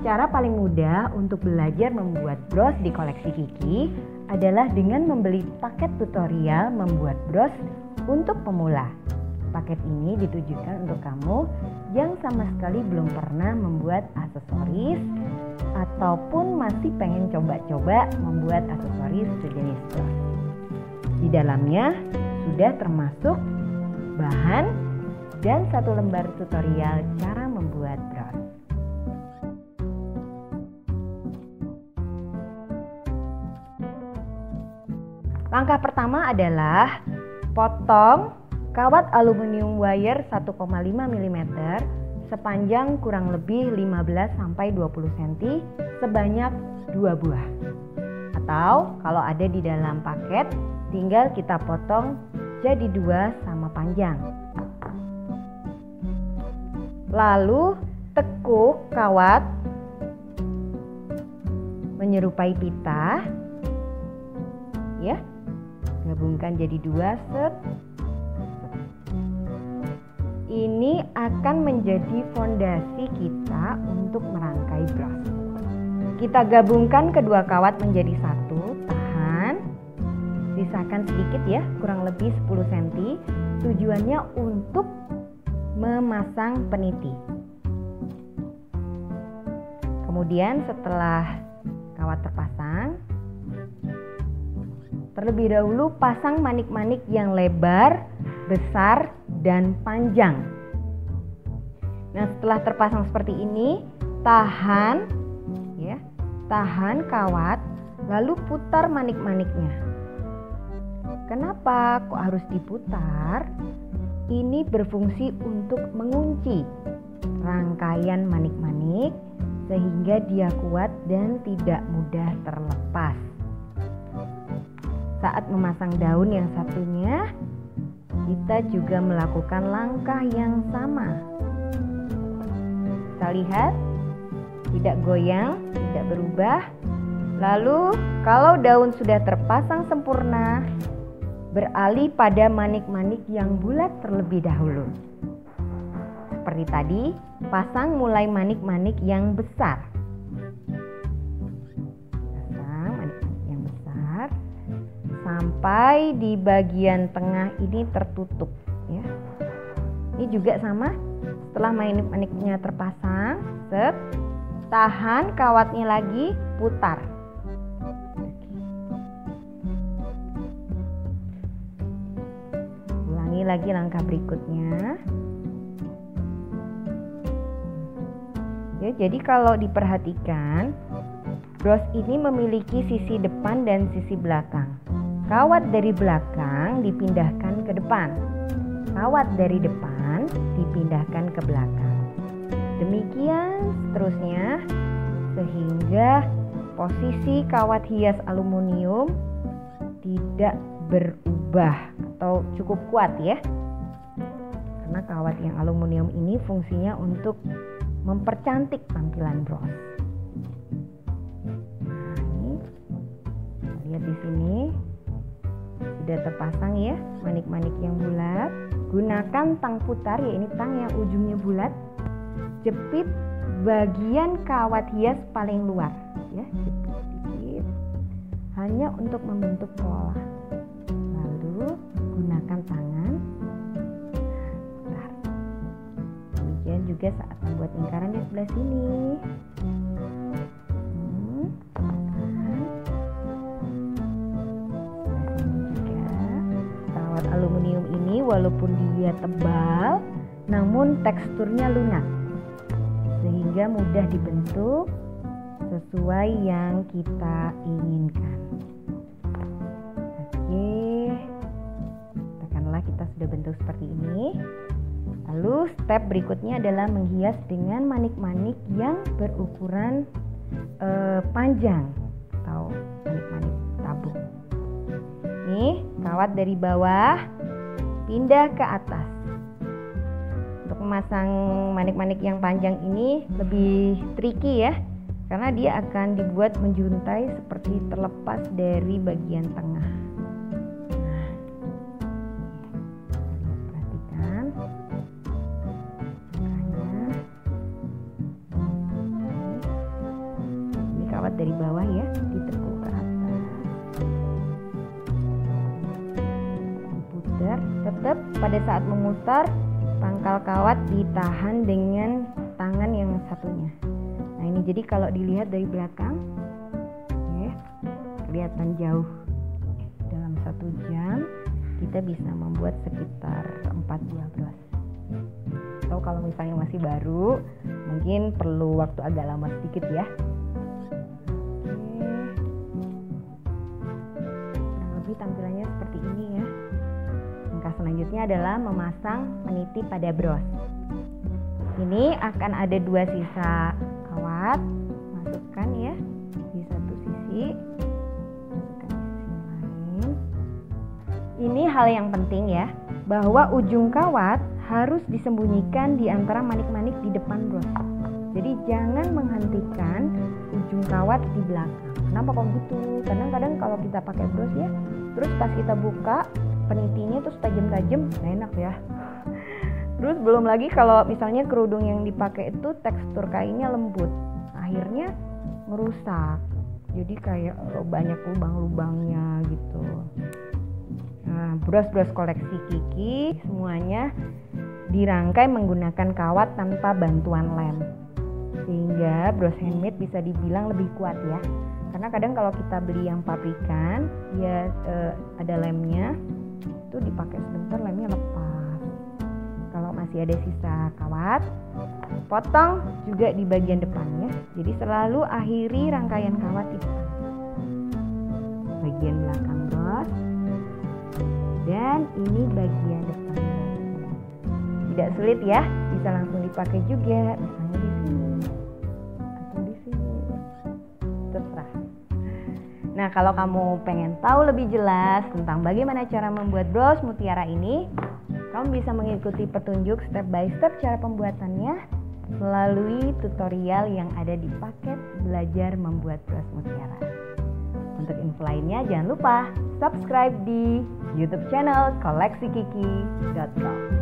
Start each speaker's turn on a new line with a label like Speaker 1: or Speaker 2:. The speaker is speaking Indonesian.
Speaker 1: Cara paling mudah untuk belajar membuat bros di koleksi Kiki adalah dengan membeli paket tutorial membuat bros untuk pemula. Paket ini ditujukan untuk kamu yang sama sekali belum pernah membuat aksesoris ataupun masih pengen coba-coba membuat aksesoris sejenis bros. Di dalamnya sudah termasuk bahan dan satu lembar tutorial cara membuat bros. Langkah pertama adalah potong kawat aluminium wire 1,5 mm sepanjang kurang lebih 15 sampai 20 cm sebanyak 2 buah. Atau kalau ada di dalam paket tinggal kita potong jadi dua sama panjang. Lalu tekuk kawat menyerupai pita ya gabungkan jadi dua set ini akan menjadi fondasi kita untuk merangkai brush kita gabungkan kedua kawat menjadi satu tahan sisakan sedikit ya kurang lebih 10 cm tujuannya untuk memasang peniti kemudian setelah kawat terpasang Terlebih dahulu pasang manik-manik yang lebar, besar, dan panjang. Nah, setelah terpasang seperti ini, tahan ya. Tahan kawat, lalu putar manik-maniknya. Kenapa kok harus diputar? Ini berfungsi untuk mengunci rangkaian manik-manik sehingga dia kuat dan tidak mudah terlepas. Saat memasang daun yang satunya, kita juga melakukan langkah yang sama. Kita lihat, tidak goyang, tidak berubah. Lalu, kalau daun sudah terpasang sempurna, beralih pada manik-manik yang bulat terlebih dahulu. Seperti tadi, pasang mulai manik-manik yang besar. sampai di bagian tengah ini tertutup ya. Ini juga sama setelah manik-maniknya terpasang, set tahan kawatnya lagi, putar. Ulangi lagi langkah berikutnya. Ya, jadi kalau diperhatikan, bros ini memiliki sisi depan dan sisi belakang. Kawat dari belakang dipindahkan ke depan. Kawat dari depan dipindahkan ke belakang. Demikian seterusnya sehingga posisi kawat hias aluminium tidak berubah atau cukup kuat ya. Karena kawat yang aluminium ini fungsinya untuk mempercantik tampilan bronze. Nah, ini, lihat di sini sudah terpasang ya manik-manik yang bulat gunakan tang putar ya ini tang yang ujungnya bulat jepit bagian kawat hias paling luar ya jepit sedikit hanya untuk membentuk pola lalu gunakan tangan putar demikian juga saat membuat lingkaran di sebelah sini walaupun dia tebal namun teksturnya lunak sehingga mudah dibentuk sesuai yang kita inginkan. Oke, katakanlah kita sudah bentuk seperti ini. Lalu step berikutnya adalah menghias dengan manik-manik yang berukuran eh, panjang atau manik-manik tabung. Nih, kawat dari bawah pindah ke atas. Untuk memasang manik-manik yang panjang ini lebih tricky ya, karena dia akan dibuat menjuntai seperti terlepas dari bagian tengah. Perhatikan makanya Ini kawat dari bawah ya. tetap pada saat memutar pangkal kawat ditahan dengan tangan yang satunya. Nah ini jadi kalau dilihat dari belakang, ya, kelihatan jauh. Dalam satu jam kita bisa membuat sekitar 4 gelas Atau kalau misalnya masih baru, mungkin perlu waktu agak lama sedikit ya. selanjutnya adalah memasang meniti pada bros. Ini akan ada dua sisa kawat, masukkan ya di satu sisi. Ini hal yang penting ya, bahwa ujung kawat harus disembunyikan di antara manik-manik di depan bros. Jadi jangan menghentikan ujung kawat di belakang. Kenapa kok gitu? Kadang-kadang kalau kita pakai bros ya, terus pas kita buka penitinya terus tajam-tajam nah enak ya terus belum lagi kalau misalnya kerudung yang dipakai itu tekstur kainnya lembut akhirnya merusak jadi kayak oh, banyak lubang-lubangnya gitu nah beras-beras koleksi Kiki semuanya dirangkai menggunakan kawat tanpa bantuan lem sehingga bros handmade bisa dibilang lebih kuat ya karena kadang kalau kita beli yang pabrikan ya, uh, ada lemnya itu dipakai sebentar lemnya lepas kalau masih ada sisa kawat potong juga di bagian depannya jadi selalu akhiri rangkaian kawat di depan bagian belakang bos dan ini bagian depan tidak sulit ya bisa langsung dipakai juga misalnya Nah, kalau kamu pengen tahu lebih jelas tentang bagaimana cara membuat bros mutiara ini, kamu bisa mengikuti petunjuk step by step cara pembuatannya melalui tutorial yang ada di paket belajar membuat bros mutiara. Untuk info lainnya jangan lupa subscribe di YouTube channel koleksikiki.com.